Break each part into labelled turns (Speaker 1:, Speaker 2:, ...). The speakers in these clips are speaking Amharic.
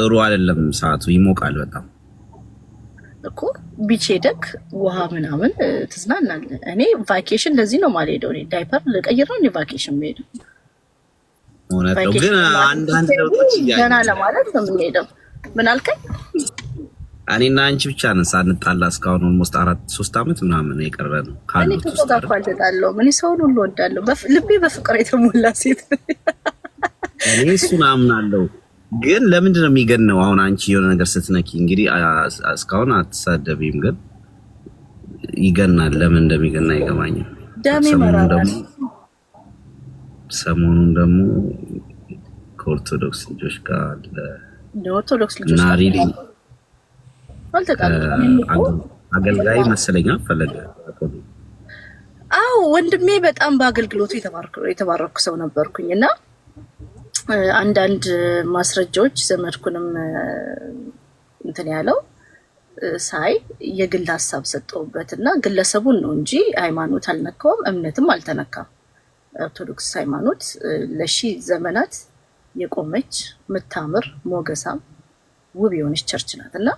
Speaker 1: ጥሩ አይደለም። ሰዓቱ ይሞቃል በጣም
Speaker 2: እኮ ቢች ሄደክ ውሃ ምናምን ትዝናናለ። እኔ ቫኬሽን ለዚህ ነው ማልሄደው። እኔ ዳይፐር ልቀይር ነው ቫኬሽን የምሄደው። ገና ለማለት ነው የምንሄደው። ምን አልከኝ?
Speaker 1: እኔና አንቺ ብቻ ነን ሳንጣላ እስካሁን ኦልሞስት አራት ሶስት ዓመት ምናምን የቀረ ነው
Speaker 2: ካሉት ውስጥ አልተጣለሁም። እኔ ሰውን ሁሉ ወዳለሁ። ልቤ በፍቅር የተሞላ ሴት
Speaker 1: እኔ እሱን አምናለሁ። ግን ለምንድን ነው የሚገነው? አሁን አንቺ የሆነ ነገር ስትነኪ እንግዲህ እስካሁን አትሳደቢም፣ ግን ይገናል። ለምን እንደሚገና አይገባኝም። ሰሞኑን ደግሞ ከኦርቶዶክስ ልጆች ጋር አለ
Speaker 2: ኦርቶዶክስ አገልጋይ መሰለኛ ፈለገ። ወንድሜ በጣም በአገልግሎቱ የተባረኩ ሰው ነበርኩኝ እና አንዳንድ ማስረጃዎች ዘመድኩንም እንትን ያለው ሳይ የግል ሀሳብ ሰጠውበት እና ግለሰቡን ነው እንጂ ሃይማኖት አልነካውም፣ እምነትም አልተነካም። ኦርቶዶክስ ሃይማኖት ለሺ ዘመናት የቆመች ምታምር ሞገሳም ውብ የሆነች ቸርች ናት እና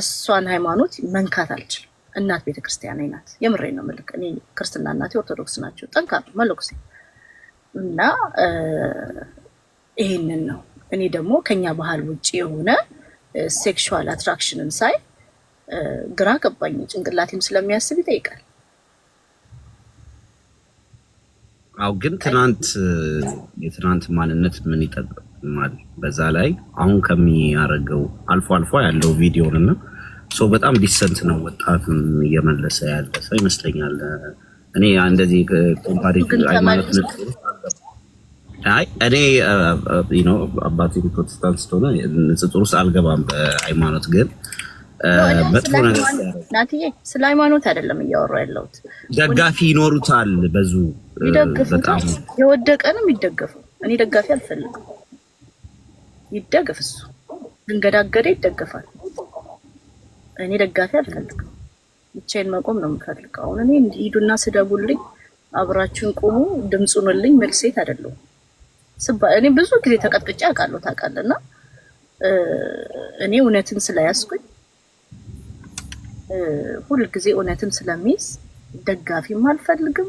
Speaker 2: እሷን ሃይማኖት መንካት አልችልም። እናት ቤተክርስቲያን ናት። የምሬ ነው ምልክ እኔ ክርስትና እናቴ ኦርቶዶክስ ናቸው። ጠንካራ መለኩሴ እና ይሄንን ነው። እኔ ደግሞ ከኛ ባህል ውጭ የሆነ ሴክሹዋል አትራክሽንን ሳይ ግራ ገባኝ። ጭንቅላቴም ስለሚያስብ ይጠይቃል።
Speaker 1: አው ግን ትናንት የትናንት ማንነት ምን ይጠቅማል? በዛ ላይ አሁን ከሚያደርገው አልፎ አልፎ ያለው ቪዲዮን እና ሰው በጣም ዲሰንት ነው ወጣት እየመለሰ ያለ ሰው ይመስለኛል። እኔ እንደዚህ ኮምፓሪ ሃይማኖት አይ እኔ አባቴ ፕሮቴስታንት ስለሆነ ንጽጽር ውስጥ አልገባም። በሃይማኖት ግን
Speaker 2: መጥፎ ነገር ስለ ሃይማኖት አይደለም እያወራሁ ያለሁት።
Speaker 1: ደጋፊ ይኖሩታል፣ በዙ
Speaker 2: ይደግፍ፣ የወደቀንም ይደገፉ። እኔ ደጋፊ አልፈልግም። ይደገፍ እሱ ግንገዳገደ ይደገፋል። እኔ ደጋፊ አልፈልግም። ብቻዬን መቆም ነው የምፈልግ። አሁን እኔ ሂዱና ስደቡልኝ፣ አብራችሁን ቁሙ፣ ድምፁንልኝ መልሴት አይደለሁም። እኔ ብዙ ጊዜ ተቀጥቅጬ አውቃለሁ ታውቃለህ። እና እኔ እውነትን ስለያዝኩኝ ሁልጊዜ እውነትን ስለሚይዝ ደጋፊም አልፈልግም፣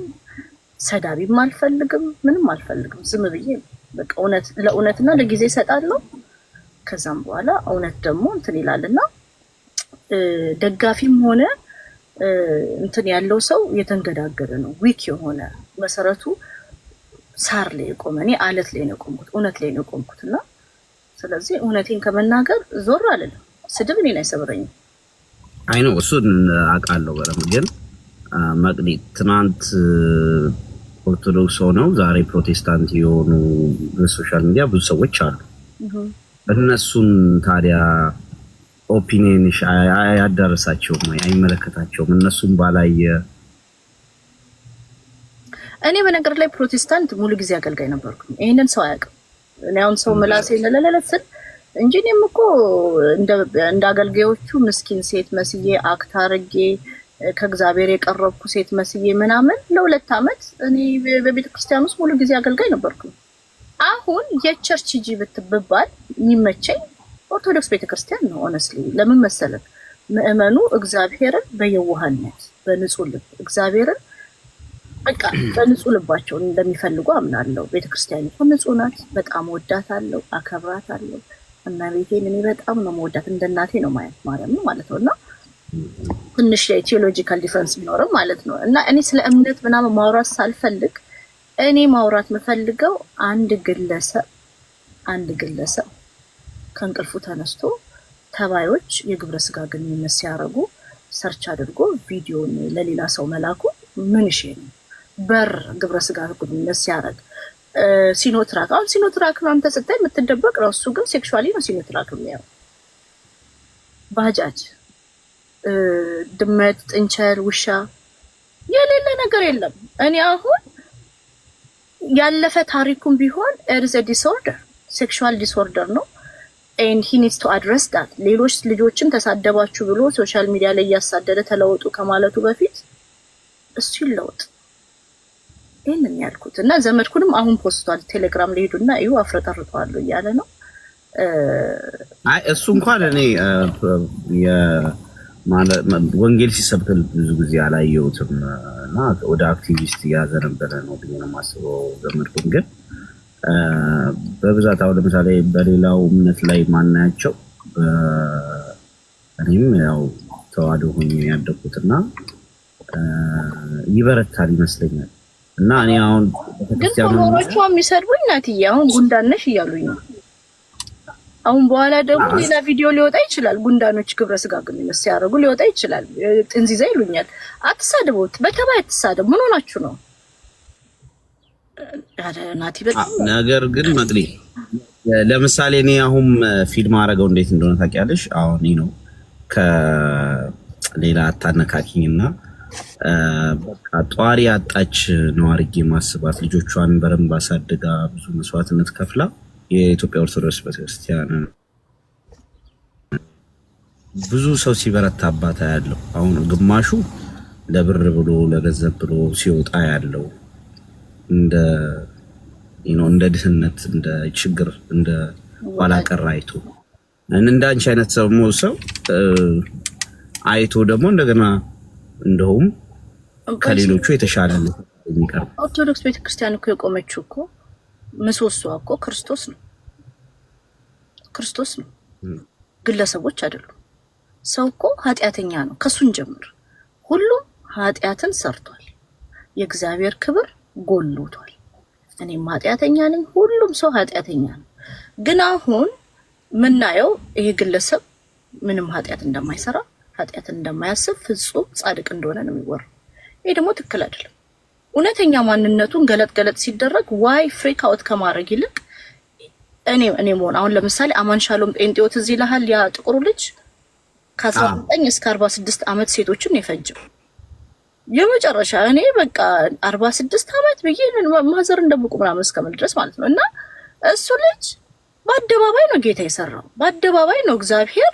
Speaker 2: ሰዳቢም አልፈልግም፣ ምንም አልፈልግም። ዝም ብዬ በቃ እውነት ለእውነትና ለጊዜ እሰጣለሁ። ከዛም በኋላ እውነት ደግሞ እንትን ይላልና ደጋፊም ሆነ እንትን ያለው ሰው የተንገዳገደ ነው። ዊክ የሆነ መሰረቱ ሳር ላይ የቆመ እኔ አለት ላይ ነው የቆምኩት፣ እውነት ላይ ነው የቆምኩት። እና ስለዚህ እውነቴን ከመናገር ዞር አልልም። ስድብ እኔን አይሰብረኝም።
Speaker 1: አይ ነው እሱን አውቃለሁ። በረም ግን መቅዲ ትናንት ኦርቶዶክስ ሆነው ዛሬ ፕሮቴስታንት የሆኑ በሶሻል ሚዲያ ብዙ ሰዎች አሉ። እነሱን ታዲያ ኦፒኒየንሽ አያዳርሳቸውም፣ አይመለከታቸውም እነሱን ባላየ
Speaker 2: እኔ በነገር ላይ ፕሮቴስታንት ሙሉ ጊዜ አገልጋይ ነበርኩ። ይህንን ሰው አያውቅም። እኔ አሁን ሰው ምላሴ ለለለለት ስል እንጂ እኔም እኮ እንደ አገልጋዮቹ ምስኪን ሴት መስዬ አክት አርጌ ከእግዚአብሔር የቀረብኩ ሴት መስዬ ምናምን ለሁለት ዓመት እኔ በቤተ ክርስቲያን ውስጥ ሙሉ ጊዜ አገልጋይ ነበርኩ። አሁን የቸርች ጂ ብትብባል የሚመቸኝ ኦርቶዶክስ ቤተክርስቲያን ነው። ኦነስትሊ ለምን መሰለን ምእመኑ እግዚአብሔርን በየዋህነት በንጹህ ልብ እግዚአብሔርን በቃ በንጹህ ልባቸውን እንደሚፈልጉ አምናለሁ። ቤተክርስቲያን ንጹህ ናት። በጣም አለው እና ቤቴን እኔ በጣም ነው መወዳት፣ እንደ እናቴ ነው ማየት ማለት ነው ማለት ነው እና ትንሽ የቴዎሎጂካል ዲፈረንስ ቢኖርም ማለት ነው እና እኔ ስለ እምነት ምናምን ማውራት ሳልፈልግ እኔ ማውራት የምፈልገው አንድ ግለሰብ አንድ ግለሰብ ከእንቅልፉ ተነስቶ ተባዮች የግብረ ስጋ ግንኙነት ሲያደርጉ ሰርች አድርጎ ቪዲዮን ለሌላ ሰው መላኩ ምን ሼ ነው? በር ግብረ ስጋ ግንኙነት ሲያደርግ ሲኖትራክ አሁን ሲኖትራክ አንተ ስታይ የምትደበቅ ነው። እሱ ግን ሴክሹዋሊ ነው ሲኖትራክ የሚያው ባጃጅ፣ ድመት፣ ጥንቸል፣ ውሻ የሌለ ነገር የለም። እኔ አሁን ያለፈ ታሪኩም ቢሆን ኤርዝ ዲስኦርደር ሴክሹዋል ዲስኦርደር ነው ኤንድ ሂ ኒድስ ቱ አድረስ ዳት። ሌሎች ልጆችን ተሳደባችሁ ብሎ ሶሻል ሚዲያ ላይ እያሳደደ ተለወጡ ከማለቱ በፊት እሱ ይለወጥ። ይህንን ያልኩት እና ዘመድኩንም አሁን ፖስቷል ቴሌግራም ላይ ሄዱና እዩ አፍረጠርጠዋለሁ እያለ ነው።
Speaker 1: አይ እሱ እንኳን እኔ ወንጌል ሲሰብክ ብዙ ጊዜ አላየሁትም እና ወደ አክቲቪስት እያዘነበለ ነው ብዬ ነው የማስበው። ዘመድኩን ግን በብዛት አሁን ለምሳሌ በሌላው እምነት ላይ ማናያቸው እኔም ያው ተዋህዶ ሆኜ ያደኩትና ይበረታል ይመስለኛል እና እኔ አሁን
Speaker 2: ግን ፎሎወሮቹ የሚሰድቡኝ እናትዬ አሁን ጉንዳነሽ ነሽ እያሉኝ ነው። አሁን በኋላ ደግሞ ሌላ ቪዲዮ ሊወጣ ይችላል። ጉንዳኖች ግብረ ስጋ ግንኙነት ሲያደርጉ ሊወጣ ይችላል። ጥንዚዛ ይሉኛል። አትሳድቡት፣ በተባይ አትሳደቡ። ምን ሆናችሁ ነው?
Speaker 1: ነገር ግን መቅዲ ለምሳሌ እኔ አሁን ፊልም አረገው እንዴት እንደሆነ ታውቂያለሽ። አሁን ነው ከሌላ አታነካኪኝና ጧሪ አጣች ነው አድርጌ ማስባት። ልጆቿን በረንብ አሳድጋ ብዙ መስዋዕትነት ከፍላ የኢትዮጵያ ኦርቶዶክስ ቤተክርስቲያን ብዙ ሰው ሲበረታባት ያለው አሁን ግማሹ ለብር ብሎ ለገንዘብ ብሎ ሲወጣ ያለው እንደ እንደ ድህነት፣ እንደ ችግር፣ እንደ ኋላ ቀር አይቶ እንደ አንቺ አይነት ሰው ሰው አይቶ ደግሞ እንደገና እንደውም ከሌሎቹ የተሻለ
Speaker 2: ኦርቶዶክስ ቤተክርስቲያን እኮ የቆመችው እኮ ምሰሶ እኮ ክርስቶስ ነው። ክርስቶስ ነው፣ ግለሰቦች አይደሉም። ሰው እኮ ኃጢአተኛ ነው። ከሱን ጀምር ሁሉም ኃጢአትን ሰርቷል። የእግዚአብሔር ክብር ጎሎቷል። እኔም ኃጢአተኛ ነኝ። ሁሉም ሰው ኃጢአተኛ ነው። ግን አሁን ምናየው ይሄ ግለሰብ ምንም ኃጢአት እንደማይሰራ ኃጢአትን እንደማያስብ ፍጹም ጻድቅ እንደሆነ ነው የሚወራው። ይሄ ደግሞ ትክክል አይደለም። እውነተኛ ማንነቱን ገለጥ ገለጥ ሲደረግ ዋይ ፍሬክ አውት ከማድረግ ይልቅ እኔ እኔ መሆን አሁን ለምሳሌ አማን ሻሎም ጴንጤዎት እዚህ ይልሃል። ያ ጥቁሩ ልጅ ከ19 እስከ 46 ዓመት ሴቶችን የፈጀው የመጨረሻ እኔ በቃ 46 ዓመት ብዬ ማዘር እንደምቁ ምናምን እስከምል ድረስ ማለት ነው። እና እሱ ልጅ በአደባባይ ነው ጌታ የሰራው፣ በአደባባይ ነው እግዚአብሔር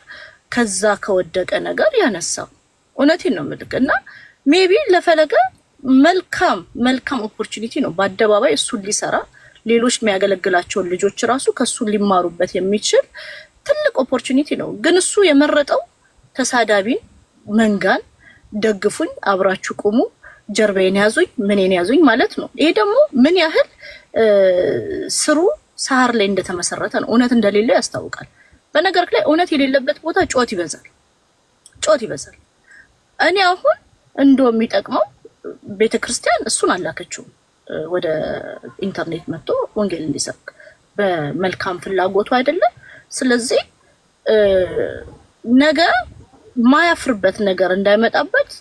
Speaker 2: ከዛ ከወደቀ ነገር ያነሳው እውነቴን ነው ምልክ እና ሜቢ ለፈለገ መልካም መልካም ኦፖርቹኒቲ ነው። በአደባባይ እሱን ሊሰራ ሌሎች የሚያገለግላቸውን ልጆች ራሱ ከሱ ሊማሩበት የሚችል ትልቅ ኦፖርቹኒቲ ነው። ግን እሱ የመረጠው ተሳዳቢን፣ መንጋን ደግፉኝ፣ አብራችሁ ቁሙ፣ ጀርባዬን ያዙኝ፣ ምኔን ያዙኝ ማለት ነው። ይሄ ደግሞ ምን ያህል ስሩ ሳር ላይ እንደተመሰረተ ነው፣ እውነት እንደሌለው ያስታውቃል። በነገር ላይ እውነት የሌለበት ቦታ ጩኸት ይበዛል፣ ጩኸት ይበዛል። እኔ አሁን እንደው የሚጠቅመው ቤተክርስቲያን እሱን አላከችው ወደ ኢንተርኔት መጥቶ ወንጌል እንዲሰብክ በመልካም ፍላጎቱ አይደለም። ስለዚህ ነገ ማያፍርበት ነገር እንዳይመጣበት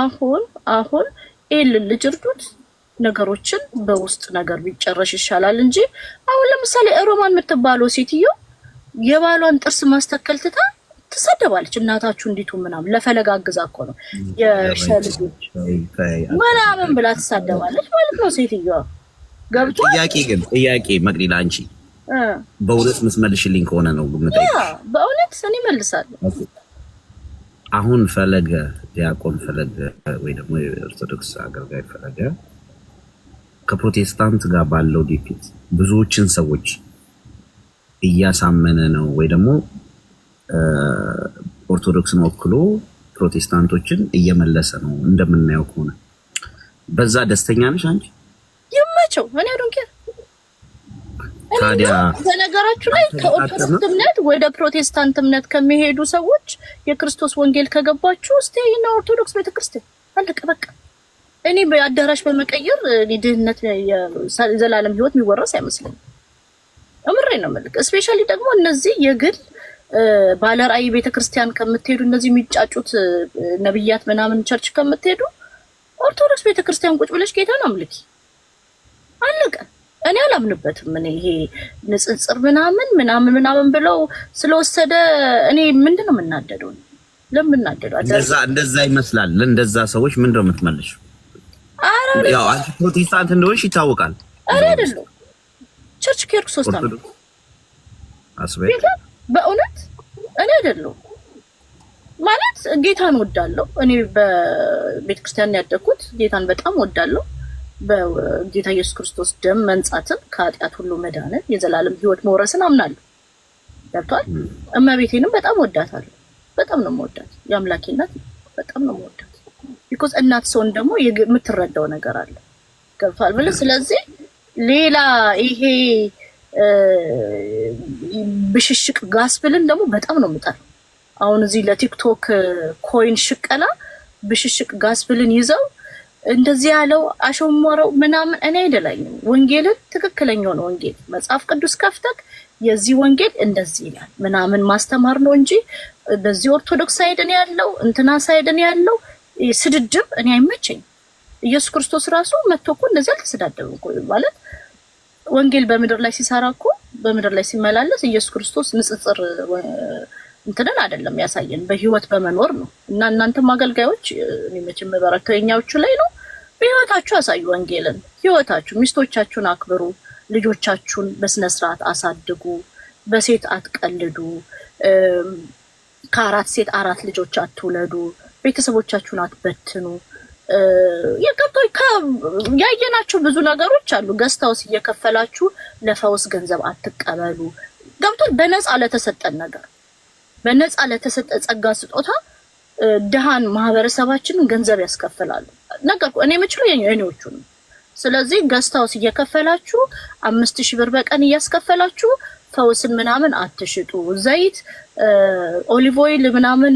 Speaker 2: አሁን አሁን ኤል ልጅ እርዱት። ነገሮችን በውስጥ ነገር ቢጨረሽ ይሻላል እንጂ አሁን ለምሳሌ ሮማን የምትባለው ሴትዮ የባሏን ጥርስ ማስተከል ትታ ትሰደባለች። እናታችሁ እንዲቱ ምናምን ለፈለጋ አግዛ እኮ ነው የሸልጆች ምናምን ብላ ትሳደባለች ማለት ነው ሴትዮዋ
Speaker 1: ገብቶ። ጥያቄ ግን ጥያቄ መቅሊላ አንቺ በእውነት ምትመልሽልኝ ከሆነ ነው
Speaker 2: በእውነት እኔ መልሳለሁ።
Speaker 1: አሁን ፈለገ ዲያቆን ፈለገ ወይ ደግሞ የኦርቶዶክስ አገልጋይ ፈለገ ከፕሮቴስታንት ጋር ባለው ዲፊት ብዙዎችን ሰዎች እያሳመነ ነው ወይ ደግሞ ኦርቶዶክስን ወክሎ ፕሮቴስታንቶችን እየመለሰ ነው እንደምናየው ከሆነ በዛ ደስተኛ ነሽ አንቺ?
Speaker 2: የማቸው እኔ ዶንኬ ታዲያ በነገራችሁ ላይ ከኦርቶዶክስ እምነት ወደ ፕሮቴስታንት እምነት ከሚሄዱ ሰዎች የክርስቶስ ወንጌል ከገባችሁ እስቲ እና ኦርቶዶክስ ቤተክርስቲያን አለቀ በቃ። እኔ አዳራሽ በመቀየር ድህነት የዘላለም ህይወት የሚወረስ አይመስለኝም። እምሬ ነው የምልክ። እስፔሻሊ ደግሞ እነዚህ የግል ባለራእይ ቤተክርስቲያን ከምትሄዱ እነዚህ የሚጫጩት ነብያት ምናምን ቸርች ከምትሄዱ ኦርቶዶክስ ቤተክርስቲያን ቁጭ ብለሽ ጌታን አምልኪ፣ አለቀ። እኔ አላምንበትም። እኔ ይሄ ንጽጽር ምናምን ምናምን ምናምን ብለው ስለወሰደ እኔ ምንድን ነው የምናደደው? ለምን
Speaker 1: እንደዛ እንደዛ ይመስላል። ለእንደዛ ሰዎች ምንድን ነው የምትመልሽ? ያው ፕሮቴስታንት እንደሆንሽ ይታወቃል።
Speaker 2: አረ አይደለም ቸርች ከሄድኩ ሶስት አመት በእውነት እኔ አይደለሁ ማለት ጌታን ወዳለሁ። እኔ በቤተ ክርስቲያን ያደግኩት ጌታን በጣም ወዳለሁ። በጌታ ኢየሱስ ክርስቶስ ደም መንጻትን፣ ከኃጢአት ሁሉ መዳንን፣ የዘላለም ህይወት መውረስን አምናለሁ። ገብቷል። እመቤቴንም በጣም ወዳታለሁ። በጣም ነው የምወዳት። የአምላኬ እናት በጣም ነው የምወዳት። ቢኮዝ እናት ሰውን ደግሞ የምትረዳው ነገር አለ። ገብቷል ብለህ ስለዚህ ሌላ ይሄ ብሽሽቅ ጋስፕልን ደግሞ በጣም ነው የምጠላው። አሁን እዚህ ለቲክቶክ ኮይን ሽቀላ ብሽሽቅ ጋስፕልን ይዘው እንደዚህ ያለው አሸሞረው ምናምን እኔ አይደላኝም። ወንጌልን ትክክለኛው ነው ወንጌል መጽሐፍ ቅዱስ ከፍተክ የዚህ ወንጌል እንደዚህ ይላል ምናምን ማስተማር ነው እንጂ በዚህ ኦርቶዶክስ ሳይድን ያለው እንትና ሳይድን ያለው ስድድብ እኔ አይመቸኝም። ኢየሱስ ክርስቶስ ራሱ መጥቶ እኮ እንደዚህ አልተሰዳደበም እኮ ማለት ወንጌል በምድር ላይ ሲሰራ እኮ በምድር ላይ ሲመላለስ ኢየሱስ ክርስቶስ ንጽጽር እንትንን አይደለም ያሳየን፣ በህይወት በመኖር ነው። እና እናንተም አገልጋዮች መቼ የምበረከው የኛዎቹ ላይ ነው። በህይወታችሁ አሳዩ ወንጌልን። ህይወታችሁ ሚስቶቻችሁን አክብሩ፣ ልጆቻችሁን በስነ ስርዓት አሳድጉ፣ በሴት አትቀልዱ፣ ከአራት ሴት አራት ልጆች አትውለዱ፣ ቤተሰቦቻችሁን አትበትኑ። የቀጣይ ያየናቸው ብዙ ነገሮች አሉ። ገዝታውስ እየከፈላችሁ ለፈውስ ገንዘብ አትቀበሉ። ገብቶ በነፃ ለተሰጠን ነገር በነፃ ለተሰጠ ጸጋ ስጦታ ድሃን ማህበረሰባችንን ገንዘብ ያስከፍላሉ። ነገር እኔ የምችለው የኔዎቹ ነው። ስለዚህ ገዝታውስ እየከፈላችሁ አምስት ሺህ ብር በቀን እያስከፈላችሁ ፈውስን ምናምን አትሽጡ። ዘይት ኦሊቭ ኦይል ምናምን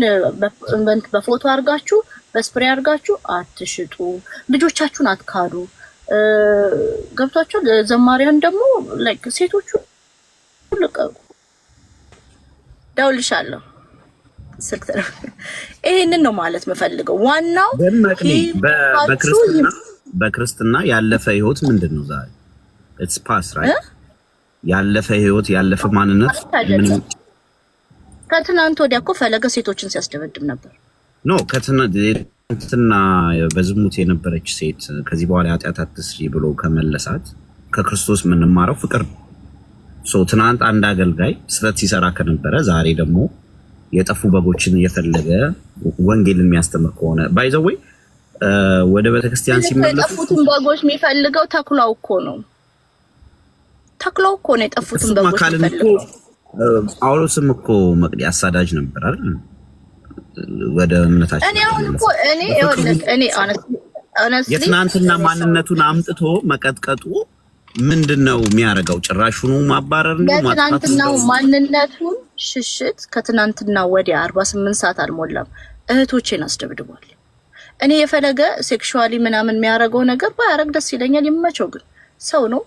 Speaker 2: በፎቶ አድርጋችሁ በስፕሬ አድርጋችሁ አትሽጡ። ልጆቻችሁን አትካዱ። ገብቷቸው ዘማሪያን ደግሞ ላይክ ሴቶቹ ልቀቁ። ደውልሻለሁ ስልክ ይሄንን ነው ማለት የምፈልገው። ዋናው
Speaker 1: በክርስትና ያለፈ ህይወት ምንድን ነው? ዛሬ ኢትስ ፓስ ራይት ያለፈ ህይወት ያለፈ ማንነት
Speaker 2: ከትናንት ወዲያ እኮ ፈለገ ሴቶችን ሲያስደበድብ ነበር።
Speaker 1: ኖ ከትናንትና በዝሙት የነበረች ሴት ከዚህ በኋላ ኃጢአት አትስሪ ብሎ ከመለሳት ከክርስቶስ የምንማረው ፍቅር ነው። ትናንት አንድ አገልጋይ ስህተት ሲሰራ ከነበረ ዛሬ ደግሞ የጠፉ በጎችን እየፈለገ ወንጌል የሚያስተምር ከሆነ ባይዘወይ ወደ ቤተክርስቲያን
Speaker 2: ሲመለሱ የጠፉትን በጎች የሚፈልገው ተኩላው እኮ ነው። ተኩላው እኮ ነው የጠፉትን በጎች የሚፈልገው።
Speaker 1: ጳውሎስም እኮ መቅዲ አሳዳጅ ነበር አይደል? ወደ እምነታችን
Speaker 2: እኔ አሁን እኮ እኔ እኔ
Speaker 1: የትናንትና ማንነቱን አምጥቶ መቀጥቀጡ ምንድን ነው የሚያደርገው? ጭራሹኑ ማባረር
Speaker 2: ነው። የትናንትናው ማንነቱን ሽሽት ከትናንትና ወዲያ አርባ ስምንት ሰዓት አልሞላም እህቶቼን አስደብድቧል። እኔ የፈለገ ሴክሹዋሊ ምናምን የሚያደርገው ነገር ባያረግ ደስ ይለኛል፣ ይመቸው። ግን ሰው ነው፣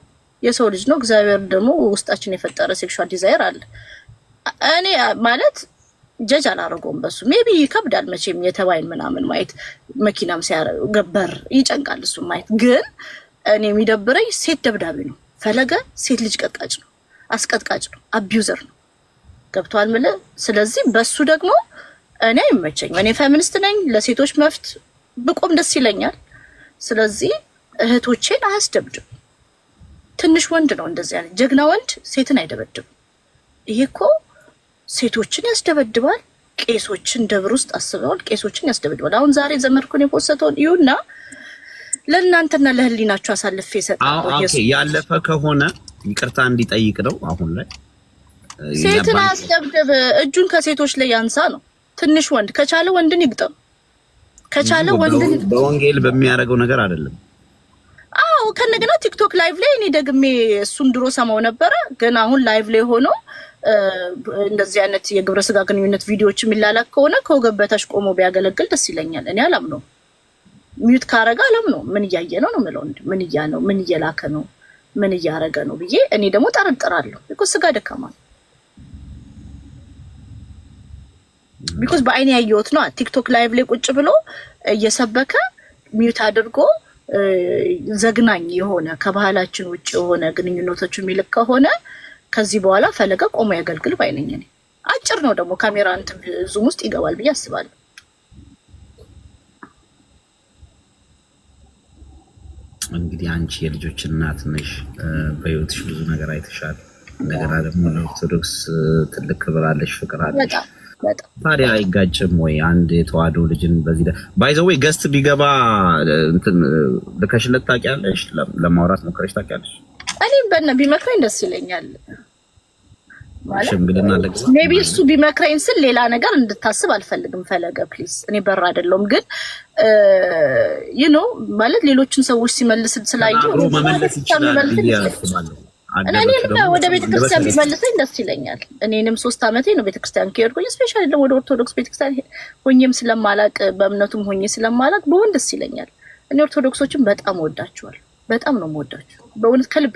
Speaker 2: የሰው ልጅ ነው። እግዚአብሔር ደግሞ ውስጣችን የፈጠረ ሴክሹዋል ዲዛይር አለ። እኔ ማለት ጀጅ አላረገውም። በሱ ሜቢ ይከብዳል መቼም የተባይን ምናምን ማየት መኪናም ሲያገበር ይጨንቃል። እሱ ማየት ግን እኔ የሚደብረኝ ሴት ደብዳቤ ነው። ፈለገ ሴት ልጅ ቀጥቃጭ ነው፣ አስቀጥቃጭ ነው፣ አቢዩዘር ነው። ገብቷል ምል። ስለዚህ በሱ ደግሞ እኔ አይመቸኝም። እኔ ፌሚኒስት ነኝ፣ ለሴቶች መፍት ብቆም ደስ ይለኛል። ስለዚህ እህቶቼን አያስደብድም። ትንሽ ወንድ ነው እንደዚህ ያለ ጀግና ወንድ ሴትን አይደበድብም። ይሄ እኮ ሴቶችን ያስደበድባል፣ ቄሶችን ደብር ውስጥ አስበዋል፣ ቄሶችን ያስደበድባል። አሁን ዛሬ ዘመድኩን የፖሰተውን ይሁና ለእናንተና ለህሊናችሁ አሳልፍ
Speaker 1: እሰጣለሁ። ያለፈ ከሆነ ይቅርታ እንዲጠይቅ ነው። አሁን ላይ
Speaker 2: ሴትን አስደብድብ፣ እጁን ከሴቶች ላይ ያንሳ ነው። ትንሽ ወንድ ከቻለ ወንድን ይግጠም፣ ከቻለ ወንድን
Speaker 1: በወንጌል በሚያደርገው ነገር አይደለም።
Speaker 2: አዎ ከነገና ቲክቶክ ላይቭ ላይ እኔ ደግሜ እሱን ድሮ ሰማው ነበረ፣ ግን አሁን ላይቭ ላይ ሆኖ እንደዚህ አይነት የግብረ ስጋ ግንኙነት ቪዲዮዎች የሚላላክ ከሆነ ከወገብ በታች ቆሞ ቢያገለግል ደስ ይለኛል። እኔ አላም ነው ሚዩት ካረገ ነው ምን እያየ ነው ነው የምለው። ምን እያ ነው ምን እየላከ ነው ምን እያረገ ነው ብዬ እኔ ደግሞ ጠረጥራለሁ። ቢኮስ ስጋ ደካማ ነው። ቢኮዝ በአይኔ ያየሁት ነው። ቲክቶክ ላይቭ ላይ ቁጭ ብሎ እየሰበከ ሚዩት አድርጎ ዘግናኝ የሆነ ከባህላችን ውጭ የሆነ ግንኙነቶች የሚልክ ከሆነ ከዚህ በኋላ ፈለገ ቆሞ ያገልግል ባይነኝ። እኔ አጭር ነው ደግሞ ካሜራ እንትን ዙም ውስጥ ይገባል ብዬ አስባለሁ።
Speaker 1: እንግዲህ አንቺ የልጆች እናት ነሽ፣ በህይወትሽ ብዙ ነገር አይተሻል። እንደገና ደግሞ ለኦርቶዶክስ ትልቅ ክብር አለሽ፣ ፍቅር አለሽ። ታዲያ አይጋጭም ወይ? አንድ የተዋህዶ ልጅን በዚህ ባይዘወይ ገስት ቢገባ ልከሽለት ታውቂያለሽ? ለማውራት ሞከረሽ ታውቂያለሽ?
Speaker 2: እኔም በነ ቢመክረኝ ደስ ይለኛል። ሜቢ እሱ ቢመክረኝ ስል ሌላ ነገር እንድታስብ አልፈልግም። ፈለገ ፕሊስ፣ እኔ በር አይደለሁም ግን ይኖ ማለት ሌሎችን ሰዎች ሲመልስ ስላየሁ
Speaker 1: እኔም ወደ ቤተክርስቲያን
Speaker 2: ቢመልሰኝ ደስ ይለኛል። እኔንም ሶስት ዓመቴ ነው ቤተክርስቲያን ከሄድኩኝ፣ ስፔሻሊ ደግሞ ወደ ኦርቶዶክስ ቤተክርስቲያን ሆኜም ስለማላቅ በእምነቱም ሆኜ ስለማላቅ በሆን ደስ ይለኛል። እኔ ኦርቶዶክሶችን በጣም ወዳቸዋል። በጣም ነው የምወዳቸው። በእውነት ከልቤ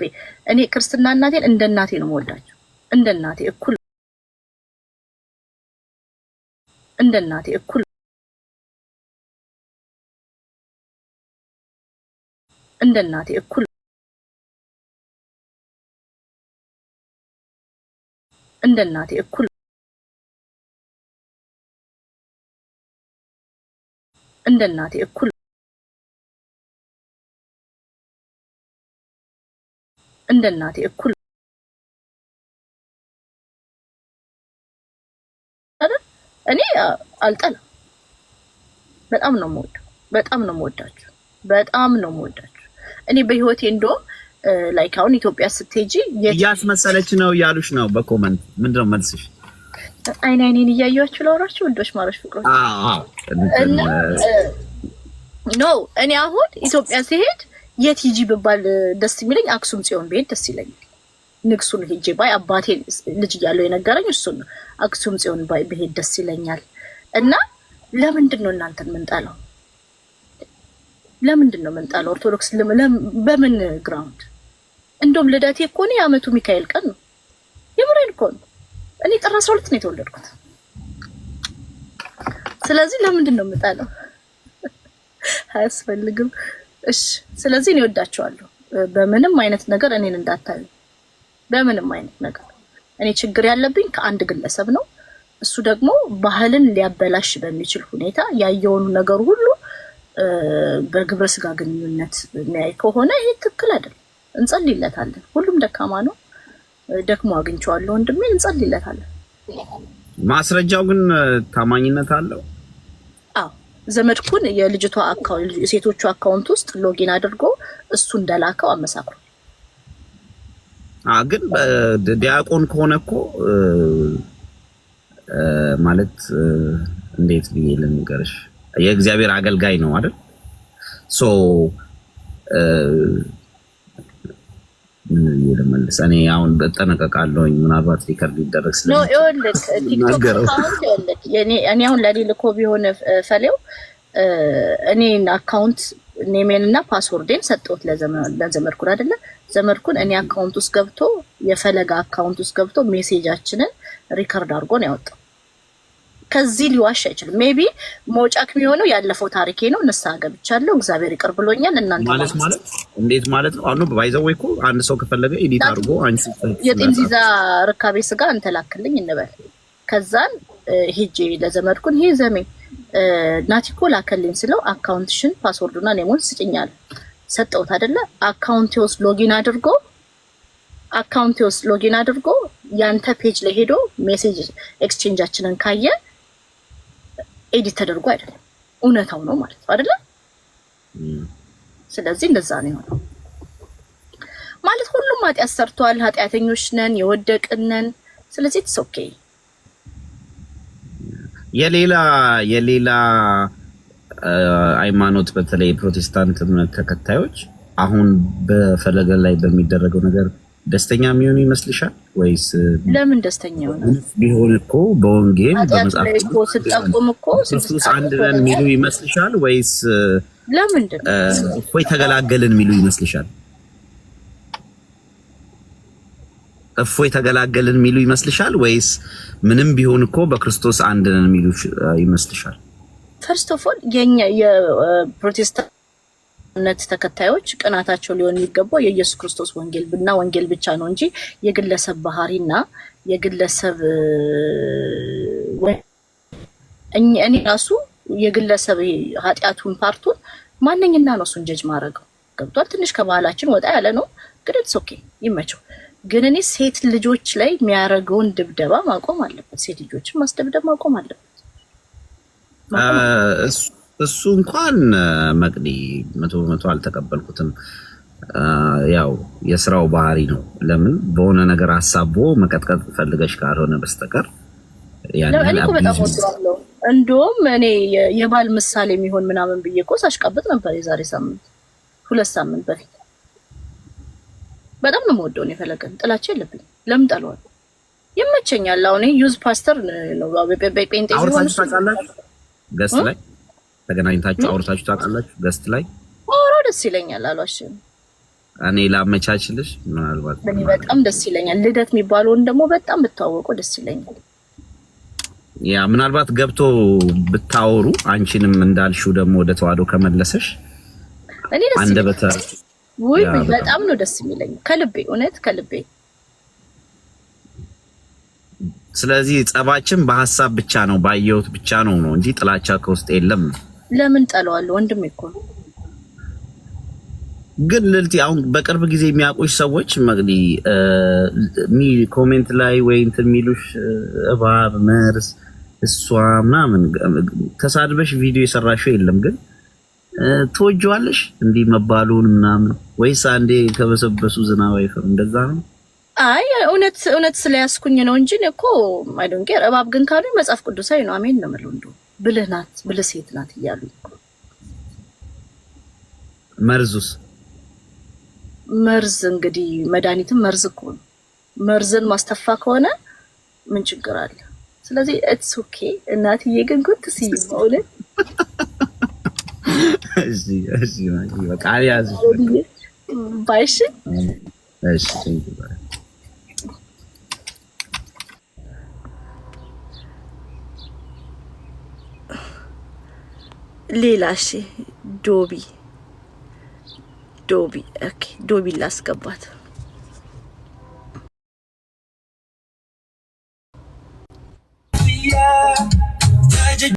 Speaker 2: እኔ ክርስትና እናቴን እንደ እናቴ ነው የምወዳቸው። እንደ እናቴ እኩል እንደ እናቴ እኩል እንደ እናቴ እኩል እንደ እናቴ እኩል እንደ እናቴ እኩል እንደ እናቴ እኩል እኔ አልጠላም። በጣም ነው የምወደው። በጣም ነው የምወዳችሁ። በጣም ነው የምወዳችሁ። እኔ በህይወቴ እንደውም ላይክ አሁን ኢትዮጵያ ስትሄጂ
Speaker 1: እያስመሰለች ነው እያሉሽ ነው በኮመንት ምንድነው መልስሽ?
Speaker 2: አይን አይኔን እያዩችሁ ላውራችሁ ወንዶች ማረሽ ፍቅሮች ኖ እኔ አሁን ኢትዮጵያ ሲሄድ የት ሂጂ ብባል ደስ የሚለኝ አክሱም ጽዮን ብሄድ ደስ ይለኛል። ንግሱን ሂጂ ባይ አባቴ ልጅ እያለው የነገረኝ እሱን ነው። አክሱም ጽዮን ባይ ብሄድ ደስ ይለኛል። እና ለምንድን ነው እናንተን ምንጠላው? ለምንድን ነው ምንጠላው? ኦርቶዶክስ በምን ግራውንድ? እንደውም ልደቴ እኮ የአመቱ ሚካኤል ቀን ነው። የምሬን እኮ ነው። እኔ ጥር አስራ ሁለት ነው የተወለድኩት። ስለዚህ ለምንድን ነው የምጠላው? አያስፈልግም። እሺ። ስለዚህ እኔ ወዳቸዋለሁ። በምንም አይነት ነገር እኔን እንዳታዩ፣ በምንም አይነት ነገር። እኔ ችግር ያለብኝ ከአንድ ግለሰብ ነው። እሱ ደግሞ ባህልን ሊያበላሽ በሚችል ሁኔታ ያየውን ነገር ሁሉ በግብረ ስጋ ግንኙነት የሚያይ ከሆነ ይሄ ትክክል አይደለም። እንጸልይለታለን። ሁሉም ደካማ ነው። ደክሞ አግኝቼዋለሁ ወንድሜ፣ እንጸልይለታለን።
Speaker 1: ማስረጃው ግን ታማኝነት አለው።
Speaker 2: ዘመድኩን የልጅቷ ሴቶቹ አካውንት ውስጥ ሎጊን አድርጎ እሱ እንደላከው አመሳክሯል።
Speaker 1: ግን ዲያቆን ከሆነ እኮ ማለት እንዴት ብዬ ልንገርሽ፣ የእግዚአብሔር አገልጋይ ነው አይደል? ሶ ልመልስ እኔ አሁን እጠነቀቃለሁኝ። ምናልባት ሪከርድ ሊደረግ
Speaker 2: ስለእኔ አሁን ለእኔ ልኮ ቢሆን ፈሌው እኔን አካውንት ኔሜን እና ፓስወርዴን ሰጠሁት ለዘመድኩን አይደለ? ዘመድኩን እኔ አካውንት ውስጥ ገብቶ የፈለገ አካውንት ውስጥ ገብቶ ሜሴጃችንን ሪከርድ አድርጎ ነው ያወጣው። ከዚህ ሊዋሽ አይችልም። ሜቢ መውጫክ የሚሆነው ያለፈው ታሪኬ ነው። ንስሐ ገብቻለሁ፣ እግዚአብሔር ይቅር ብሎኛል። እናንተ
Speaker 1: ማለት ማለት እንዴት ማለት ነው? አሁን ባይዘው እኮ አንድ ሰው ከፈለገ ኢዲት አድርጎ አንቺ
Speaker 2: የጤንዚዛ ርካቤ ስጋ አንተ ላክልኝ እንበል። ከዛን ሄጄ ለዘመድኩን ይሄ ዘሜ ናቲኮ ላከልኝ ስለው አካውንትሽን ፓስወርዱና ኔሞን ስጭኛል ሰጠውት አይደለ አካውንቴ ውስጥ ሎጊን አድርጎ አካውንቴ ውስጥ ሎጊን አድርጎ ያንተ ፔጅ ለሄዶ ሜሴጅ ኤክስቼንጃችንን ካየን ኤዲት ተደርጎ አይደለም፣ እውነታው ነው ማለት ነው አይደለም። ስለዚህ እንደዛ ነው የሆነው ማለት ሁሉም ኃጢአት ሰርቷል። ኃጢአተኞች ነን፣ የወደቅን ነን። ስለዚህ ኢትስ ኦኬ።
Speaker 1: የሌላ የሌላ ሃይማኖት በተለይ የፕሮቴስታንት እምነት ተከታዮች አሁን በፈለገ ላይ በሚደረገው ነገር ደስተኛ የሚሆን ይመስልሻል ወይስ
Speaker 2: ለምን ደስተኛ ሆነ?
Speaker 1: ቢሆን እኮ በወንጌል
Speaker 2: በመጽሐፍ ስጠቁም
Speaker 1: እኮ ክርስቶስ አንድ ነን የሚሉ ይመስልሻል ወይስ ለምንድን እፎይ ተገላገልን የሚሉ ይመስልሻል? እፎይ ተገላገልን የሚሉ ይመስልሻል ወይስ ምንም ቢሆን እኮ በክርስቶስ አንድ ነን የሚሉ ይመስልሻል?
Speaker 2: ፈርስት ኦፍ ኦል የኛ የፕሮቴስታንት እምነት ተከታዮች ቅናታቸው ሊሆን የሚገባው የኢየሱስ ክርስቶስ ወንጌል እና ወንጌል ብቻ ነው እንጂ የግለሰብ ባህሪና የግለሰብ እኔ ራሱ የግለሰብ ኃጢአቱን ፓርቱን ማንኝና ነው እሱን ጀጅ ማድረገው ገብቷል። ትንሽ ከባህላችን ወጣ ያለ ነው፣ ግን ኢትስ ኦኬ ይመቸው። ግን እኔ ሴት ልጆች ላይ የሚያደርገውን ድብደባ ማቆም አለበት። ሴት ልጆችን ማስደብደብ ማቆም አለበት።
Speaker 1: እሱ እንኳን መቅዲ መቶ በመቶ አልተቀበልኩትም። ያው የስራው ባህሪ ነው። ለምን በሆነ ነገር አሳቦ መቀጥቀጥ ፈልገሽ ካልሆነ በስተቀር
Speaker 2: እንዲሁም እኔ የባል ምሳሌ የሚሆን ምናምን ብዬ እኮ ሳሽቃብጥ ነበር የዛሬ ሳምንት፣ ሁለት ሳምንት በፊት በጣም ነው የምወደውን የፈለገን ጥላቸው የለብኝ። ለምን ጠለዋል? ይመቸኛል። አሁን ዩዝ ፓስተር ነው
Speaker 1: ጴንጤ ሲሆን ገስ ላይ ተገናኝታችሁ አውርታችሁ ታውቃላችሁ? ገስት ላይ
Speaker 2: ኦሮ ደስ ይለኛል አሏሽ።
Speaker 1: እኔ ላመቻችልሽ
Speaker 2: ምናልባት እኔ በጣም ደስ ይለኛል። ልደት የሚባለውን ደግሞ በጣም ብታወቁ ደስ ይለኛል።
Speaker 1: ያ ምናልባት ገብቶ ብታወሩ አንቺንም እንዳልሽው ደግሞ ወደ ተዋህዶ ከመለሰሽ እኔ ደስ አንደበተ
Speaker 2: ወይ በጣም ነው ደስ የሚለኝ ከልቤ እውነት ከልቤ።
Speaker 1: ስለዚህ ጸባችን በሀሳብ ብቻ ነው ባየሁት ብቻ ነው ነው እንጂ ጥላቻ ከውስጥ የለም ነው
Speaker 2: ለምን ጠለዋለሁ? ወንድም እኮ
Speaker 1: ግን ልልቲ አሁን በቅርብ ጊዜ የሚያውቁሽ ሰዎች መግዲ ኮሜንት ላይ ወይ እንትን የሚሉሽ እባብ መርስ እሷ ምናምን ተሳድበሽ ቪዲዮ የሰራሽው የለም ግን ትወጂዋለሽ እንዲህ መባሉን ምናምን ወይስ አንዴ ከበሰበሱ ዝናብ አይፈሩ እንደዛ ነው?
Speaker 2: አይ እውነት እውነት ስለያዝኩኝ ነው እንጂ እኮ አይ ዶንት ኬር። እባብ ግን ካሉኝ መጽሐፍ ቅዱሳዊ ነው። አሜን ነው የምለው እንደው ብልህ ናት ብልህ ሴት ናት እያሉ መርዙስ መርዝ እንግዲህ መድኃኒትም መርዝ እኮ ነው። መርዝን ማስተፋ ከሆነ ምን ችግር አለ? ስለዚህ እትስ ኦኬ። እናትዬ ግን ጉት ሲይ ባይሽ ሌላ እሺ፣ ዶቢ ዶቢ ኦኬ፣ ዶቢ ላስገባት